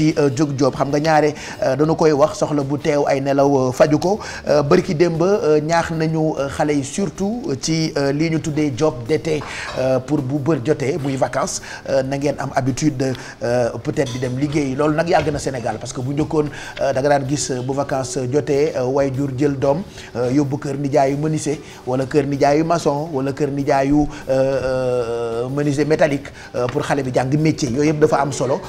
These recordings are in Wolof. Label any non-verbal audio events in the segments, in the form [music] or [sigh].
ci jóg euh, joob xam nga ñaare euh, dañu koy wax soxla bu teew ay nelaw euh, faju ko bërki démb ñaax nañu xale yi surtout ci lii ñu tuddee job te pour bu bër jotee muy vacances na ngeen am habitude peut-être di dem liggéey loolu nag yàgg na Sénégal parce que bu njëkkoon danga nga daan gis bu vacances jotee way jur jël doom yóbbu kër nijaayu menuisier wala kër nijaayu mason wala kër nijaayu menuisier métallique pour xale bi jàng métier yooyu yëpp dafa am solo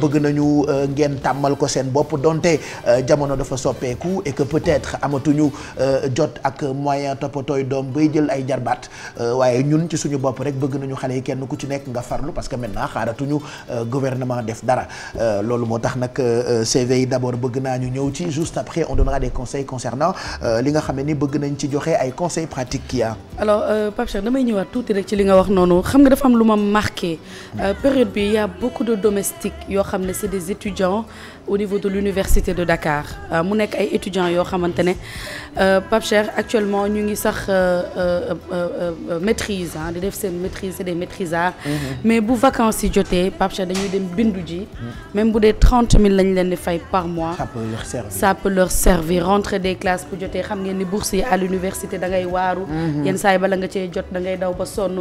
bëgg nañu ngeen tàmmal ko seen bopp donte euh, jamono dafa soppeeku et que peut-être amatuñu euh, jot ak moyen toppatooy doom bay jël ay jarbaat euh, waaye ñun ci suñu bopp rek bëgg nañu xale yi kenn ku ci nekk nga farlu parce que maintenant xaaratuñu gouvernement def dara loolu moo tax nag CV yi d'abord bëgg naa ñu ñëw ci juste après on donnera des conseils concernant li nga xam ne ni bëgg nañ ci joxe ay conseils pratiques yi ah. alors damay ñëwaat tuuti rek ci li nga wax hmm. a étudiants au niveau de l'université de Dakar euh, mu nekk ay étudiants yoo xamante ne euh, actuellement ñu ngi sax euh, maîtrise ah di def seen maîtrise c'est des maîtrisards mm-hmm. mais bu vacances yi jotee Pape Cheikh dañuy dem bindu ji mm-hmm. même bu dee trente mille lañ leen di fay par mois ça peut leur servir rentrer des classes bu jotee xam ngeen ni bourse yi à l'université da ngay waaru mm-hmm. yenn saa yi bala nga cee jot dangay daw ba sonn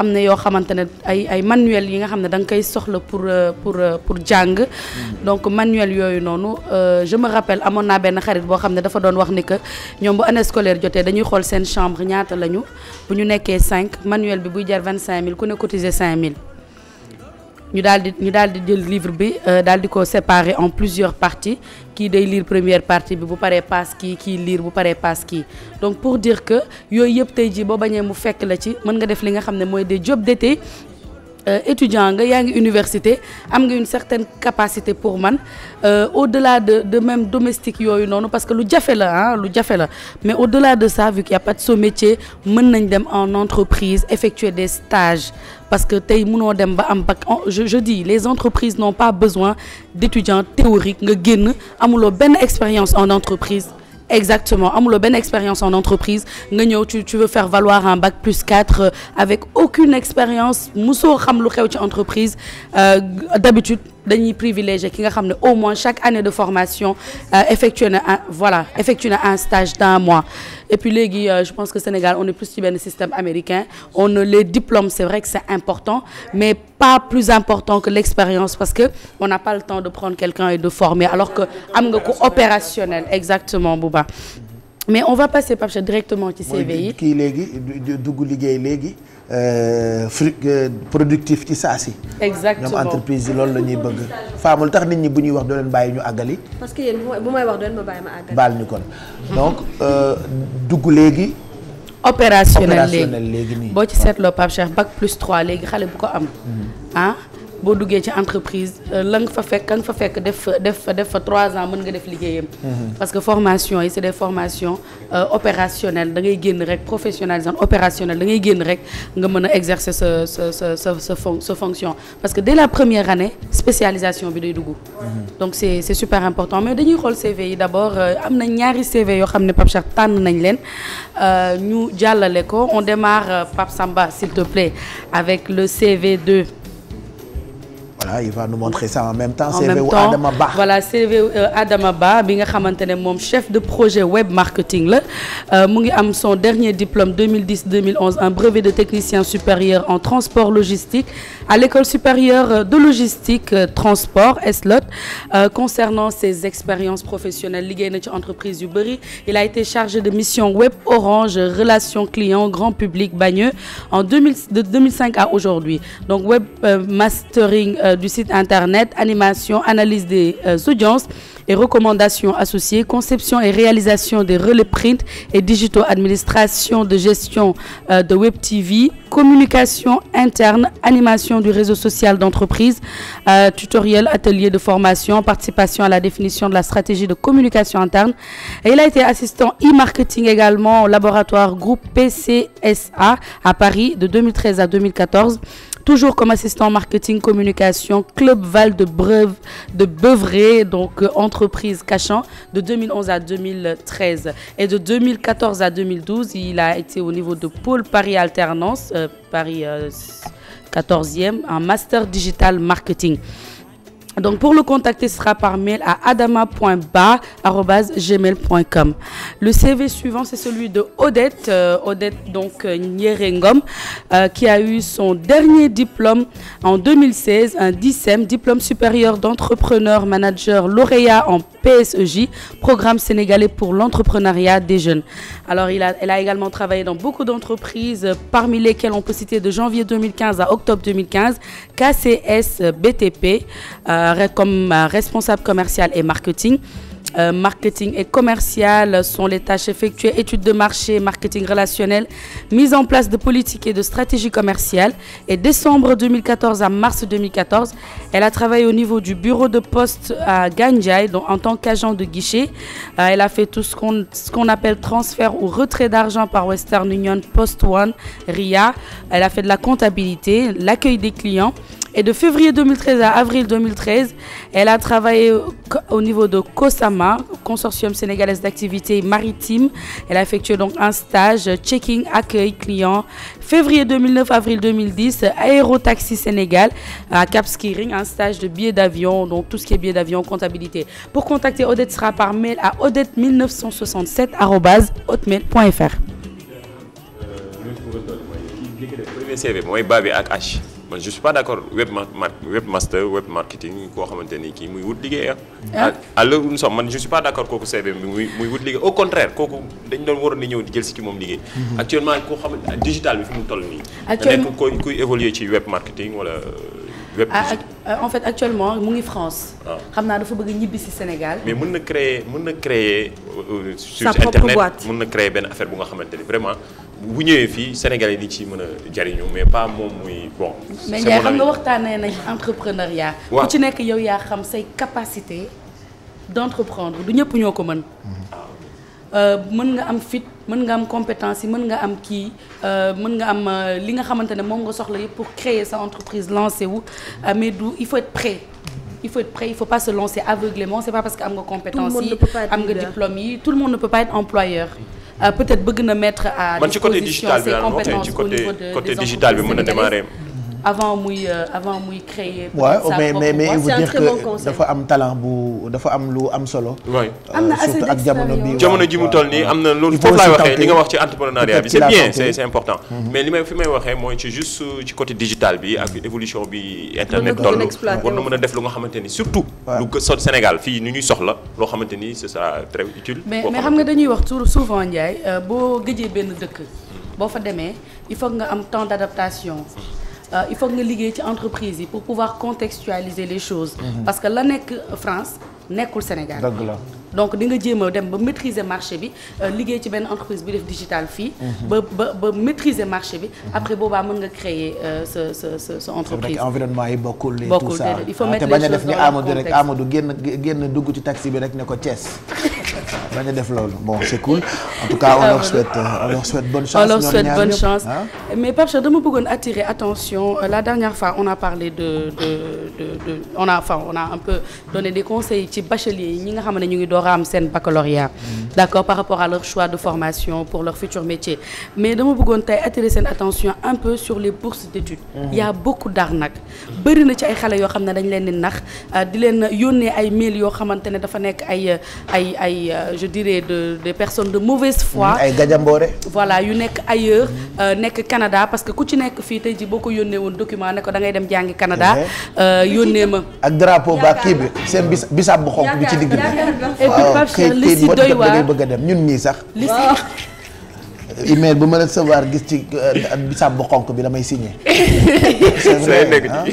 am na yoo xamante ay manuel yi nga xam ne da nga koy jàng donc manuel yooyu noonu euh, je me rappelle amoon naa benn xarit boo xam ne dafa doon wax ni que ñoom bu année scolaire jotee dañuy xool seen chambre ñaata lañu bu ñu nekkee 5 manuel bi buy jar 25000 ku ne cotiser 5000. ñu dal di ñu daal di jël livre bi euh, daal di ko séparer en plusieurs parties ki day liir première partie bi bu paree paas ki kii lire bu paree paas kii donc pour dire que yooyu yëpp tey jii boo bañee mu fekk la ci mën nga def li nga xam ne mooy des jobs d'été Euh, étudiant nga yaa ngi université am nga une certaine capacité pour man euh, au-delà de de même domestique yooyu noonu parce que lu jafe la ah lu jafe la mais au-delà de ça vu qu'il y a pas de sot métier mën nañ dem en entreprise effectuer des stages parce que tey mënoo dem ba am bac je dis les entreprises n'ont pas besoin d'étudiants théoriques nga génn amuloo benn expérience en entreprise exactement amuloo benn expérience en entreprise nga ñëw tu tu veux faire valoir un bac plus 4 euh, avec aucune expérience musoo xam lu xew ci entreprise euh, d'habitude dañuy privilégié ki nga xam ne au moins chaque année de formation euh, effectué na un voilà na un stage d'un mois et puis léegi euh, je pense que Sénégal on est plus ci benn système américain on les diplômes c'est vrai que c'est important mais pas plus important que l'expérience parce que on n'a pas le temps de prendre quelqu'un et de former alors que am nga ko opérationnel exactement Bouba mais on va passer Pape Cheikh directement ci CV yi kii léegi dugg liggéey léegi euh, fruit euh, productif ci saa si. exactement ñoom entreprise yi loolu la ñuy bëgg. faamul tax nit ñi bu ñuy wax doo leen bàyyi ñu àggali. parce que yéen bu may wax doo leen ma bàyyi ma àggali. baal ñu kon donc euh, dugg léegi. opérationnel léegi opérationnel léegi nii. boo ci seetloo Pape Cheikh bac plus 3 léegi xale bu ko am. Mm-hmm. Ah? boo duggee ci entreprise euh, la nga fa fekk ka nga fa fekk def fa def fa def fa trois ans mën nga def liggéeyam. Mhm. parce que formation yi c' est des formations euh, opérationnelles da ngay génn rek professionnalisant opérationnel da génn rek nga mën a exercer sa sa sa sa sa sa fonction parce que dès la première année spécialisation bi day dugg. Mhm. donc c' est c' super important mais dañuy xool CV yi d' abord euh, am na ñaari CV yoo xam ne Pape Cheikh tànn nañ leen ñu jàllale ko on démarre Pape Samba s'il te plaît avec le CV 2. voilà il va nous montrer ça en euh, ne moom chef de projet web marketing la euh, mu ngi am son dernier diplôme 2010 2011 un de technicien supérieur en transport logistique à l'école supérieure de logistique euh, transport Eslot concernant ses expériences professionnelles liggéey na ci entreprise yu bëri il a été de mission web Orange relations clients grand public Bagneux en 2000 de 2005 à aujourd'hui Euh, du site internet animation analyse des euh, audiences et recommandations associées conception et réalisation des relais print et digitaux administration de gestion euh, de web TV communication interne animation du réseau social d'entreprise tutoriel atelier de formation participation à la définition de la stratégie de communication interne et il a été assistant e-marketing également au laboratoire groupe PCSA à Paris de à toujours comme assistant marketing communication club Val de Breuve de Beuvray donc euh, entreprise Cachan de 2011 à 2013 et de 2014 à 2012 il a été au niveau de pôle Paris Alternance euh, Paris euh, 14e en master digital marketing donc pour le contacter ce sera par mail à adama.ba@gmail.com le CV suivant c'est celui de Odette euh, Odette donc euh, Nyerengom euh, qui a eu son dernier diplôme en 2016 un DICEM diplôme supérieur d'entrepreneur manager lauréat en PSEJ programme sénégalais pour l'entrepreneuriat des jeunes alors il a elle a également travaillé dans beaucoup d'entreprises euh, parmi lesquelles on peut citer de janvier 2015 à octobre 2015 KCS BTP Euh, comme euh, responsable commercial et marketing. Euh, marketing et commercial sont les tâches effectuées, études de marché, marketing relationnel, mise en place de politiques et de stratégies commerciales. Et décembre 2014 à mars 2014, elle a travaillé au niveau du bureau de poste à Ganjai en tant qu'agent de guichet. Euh, elle a fait tout ce qu'on qu appelle transfert ou retrait d'argent par Western Union, Post One, RIA. Elle a fait de la comptabilité, l'accueil des clients. Et de février 2013 à avril 2013, elle a travaillé au niveau de COSAMA, Consortium sénégalaise d'activités maritimes. Elle a effectué donc un stage checking, accueil client. Février 2009, avril 2010, Aérotaxi Sénégal à Cap Skiring, un stage de billets d'avion, donc tout ce qui est billets d'avion, comptabilité. Pour contacter Odette sera par mail à odette1967@hotmail.fr. CV mooy baa bi ak man je suis pas d' web webmaster web marketing koo xamante ni kii muy wut liggéey ah. ah. à l'heure où man je suis pas d' accord kooku CV bi muy muy wut liggéey au contraire kooku dañ doon waroon di ñëw di jël si ci moom liggéey. Mm-hmm. actuellement koo xam ah, digital bi fi mu toll nii. actuellement nekk kuy kuy évoluer ci web marketing wala. Euh, web ah, euh, en fait actuellement mu ngi France. xam naa dafa bëgg ñibbi si Sénégal. mais mën na créer mën na créer. Euh, sur internet mën na créer benn affaire bu nga xamante ni vraiment. bu ñëwee fii Sénégalais di ci mën a jariñu mais pas moom muy bon. mais Ndiaye xam nga waxtaanee nañ entrepreneuriat. ku ci nekk yow yaa xam say capacité d'entreprendre du ñëpp ñoo ko mën. Mm-hmm. Euh, mën nga am fit mën nga am compétence yi mën nga am kii euh, mën nga am euh, li nga xamante ne moom nga soxla yëpp pour créer sa entreprise lancer wu mm-hmm. mais du il faut être prêt il faut être prêt il faut pas se lancer aveuglément c'est pas parce que am nga compétence yi am nga Euh, peut-être bëgg na mettre à. man ci côté digital bi daal moo ci côté côté digital bi mën a démarrer. avant muy euh, avant muy créer. waaw mais mais mais il vous dire que dafa am talent bu dafa am lu am solo. waay euh, surtout ak jamono bi jamono ji mu toll nii am na loolu foofu laay waxee li nga wax ci entrepreneuriat bi c'est bien c'est important. Mm-hmm. mais li may fi may waxee mooy ci juste ci côté digital bi ak évolution bi internet toll war na mën a def lu nga xamante ni surtout. lu ko Sénégal fii ni ñuy soxla loo xamante ni ce sera très utile. mais mais xam nga dañuy wax souvent Ndiaye euh, boo gëjee benn dëkk. boo fa demee il faut nga am temps d'adaptation. Mm-hmm. Euh, il faut nga liggéey ci entreprise yi pour pouvoir contextualiser les choses. Mhm. parce que la nekk France nekkul Sénégal. dëgg la donc di nga jéem a dem ba maitriser marché bi euh, liggéey ci benn entreprise bi def digital fii. Mhm. ba ba ba maîtriser marché bi. Mhm. après boobaa mën nga créer euh, sa sa sa sa entreprise. environnement yi bokkul et tout ça. il faut ah, mettre def ni Amadou rek Amadou génn génn dugg ci taxi bi rek ne ko Thiès. [laughs] bañ a def loolu bon c'est cool en tout cas on leur souhaite euh, bonne chance. on leur souhaite bonne chance mais Pape Cheikh dama bëggoon attirer attention euh, la dernière fois on a parlé de de de on a enfin on a un peu donné des conseils ci bacheliers yi ñi nga xam ne ñu ngi door am seen baccalauréat. Mm-hmm. d'accord par rapport à leur choix de formation pour leur futur métier mais dama bëggoon tey attirer seen attention un peu sur les bourses d'études. Mm-hmm. y a beaucoup d'arnaques. bëri na ci ay xale yoo xam ne dañ leen di nax euh, di leen yónnee ay mail yoo xamante ne dafa nekk ay euh, ay ay euh, je dirais de des personnes de mauvaise mm-hmm. foi. ay gajamboore. voilà yu nekk ay mm-hmm. nekk Canada parce que ku ci nekk fii tey ji boo ko yónnee woon document ne dangay dem jàngi Canada. Eh eh. yónnee ma ak drapeau ba kii bi seen bis bisaab bu xonk bi ci digg bi. waaw kay kay moo sax. email bu ma recevoir gis ci euh, bisaab bu xonk bi damay signé. [laughs] c'est vrai ah.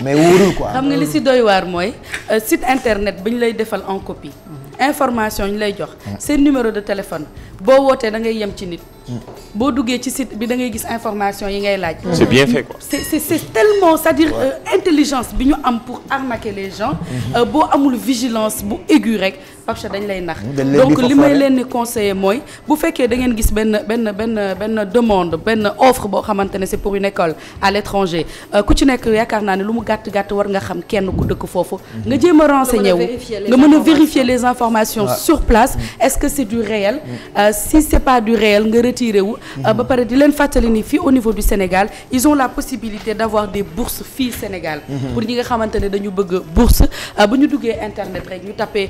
mais wóorul quoi. xam nga li si doy waar mooy euh, site internet bi ñu lay defal en copie. Mm-hmm. information ñu lay jox. Mm-hmm. seen numéro de téléphone. boo wootee da ngay yem ci nit. Mm. boo duggee ci sit bi da ngay gis information yi ngay laaj. Mm. c'est bien fait quoi. Mm. c'est tellement cest dire euh, intelligence bi ñu am pour arnaquer les gens. Mm-hmm. Euh, boo amul vigilance bu aigu rek Pape dañ lay nax. donc li may leen ni conseiller mooy bu fekkee da ngeen gis benn benn benn benn demande benn offre boo xamante ne c'est pour une école à l'étranger euh, ku ci nekk yaakaar naa ne lu mu gàtt gàtt war nga xam kenn ku dëkk foofu. Mm-hmm. nga jéem a renseigner wu nga mën a vérifier les informations sur place est-ce que c'est du réel. Euh, si c'est pas du réel nga retiré wu. Euh, ba pare di leen fàttali nii fii au niveau du Sénégal ils ont la possibilité d'avoir des bourses fi Sénégal. Mhm. pour ñi nga xamante ne dañu bëgg bourse euh, bu ñu duggee internet rek ñu tappee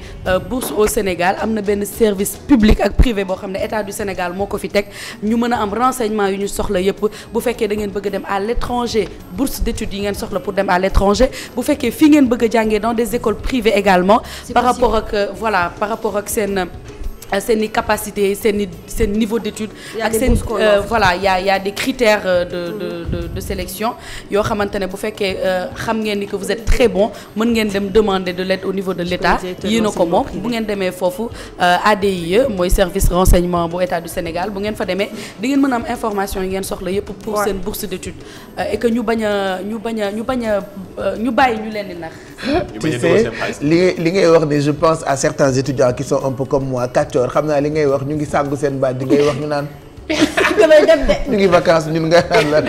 bourse au Sénégal am na benn service public ak privé boo xam ne état du Sénégal moo ko fi teg ñu mën a am renseignement yu ñu soxla yépp bu fekkee da ngeen bëgg dem à l'étranger bourse d'études yi ngeen soxla pour dem à l'étranger bu fekkee fii ngeen bëgg a jàngee dans des écoles privées également par rapport ak voilà par rapport ak seen Euh, seen i capacité seen i seen niveau d'étude ak seen euh, voilà y a y euh, de de de, sélection yoo xamante ne bu fekkee xam ngeen ni ko vous êtes très bon mën ngeen dem demander de l'aide au niveau de l'État yéen a ko moom bu ngeen demee foofu ADIE mooy service renseignement bu État du Sénégal bu ngeen fa demee di ngeen mën am information yi ngeen soxla yépp pour seen bourse d'étude et que ñu bañ ñu bañ a ñu bañ a ñu bàyyi ñu leen di nax [laughs] tu li ngay li ni je pense Kajoor xam naa li ngay wax ñu ngi sàggu seen baat di ngay wax ñu naan. [laughs] damay dem de. [laughs] ñu ngi vacances ñun nga naan lan.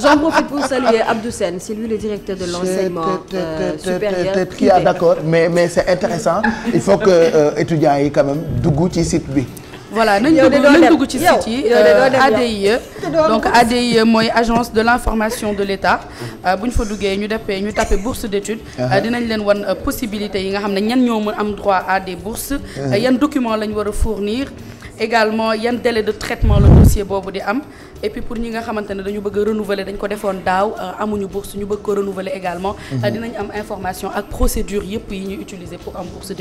J'en profite pour saluer Abdou Sène, c'est lui le directeur de l'enseignement euh, supérieur privé. Qui est d'accord mais mais c'est intéressant il faut que euh, étudiants yi quand même dugg ci site bi. voilà nañ dugg nañ dugg ci site yi ADIE euh, e. donc ADIE e mooy agence de l'information de l'État euh, bu ñu fa duggee ñu deppee ñu tapé bourse d'études uh-huh. euh, dinañ leen wan possibilités yi nga xam ne ñan ñoo mën am droit à des bourses uh-huh. yan documents lañ war a fournir également yan délai de traitement le dossier boobu di am et puis pour ñi nga xamante ne dañu bëgg a renouveler dañ ko defoon daaw amuñu bourse ñu bëgg ko renouveler également. Uh-huh. dinañ am information ak procédure yëpp yi ñuy utiliser pour am bourse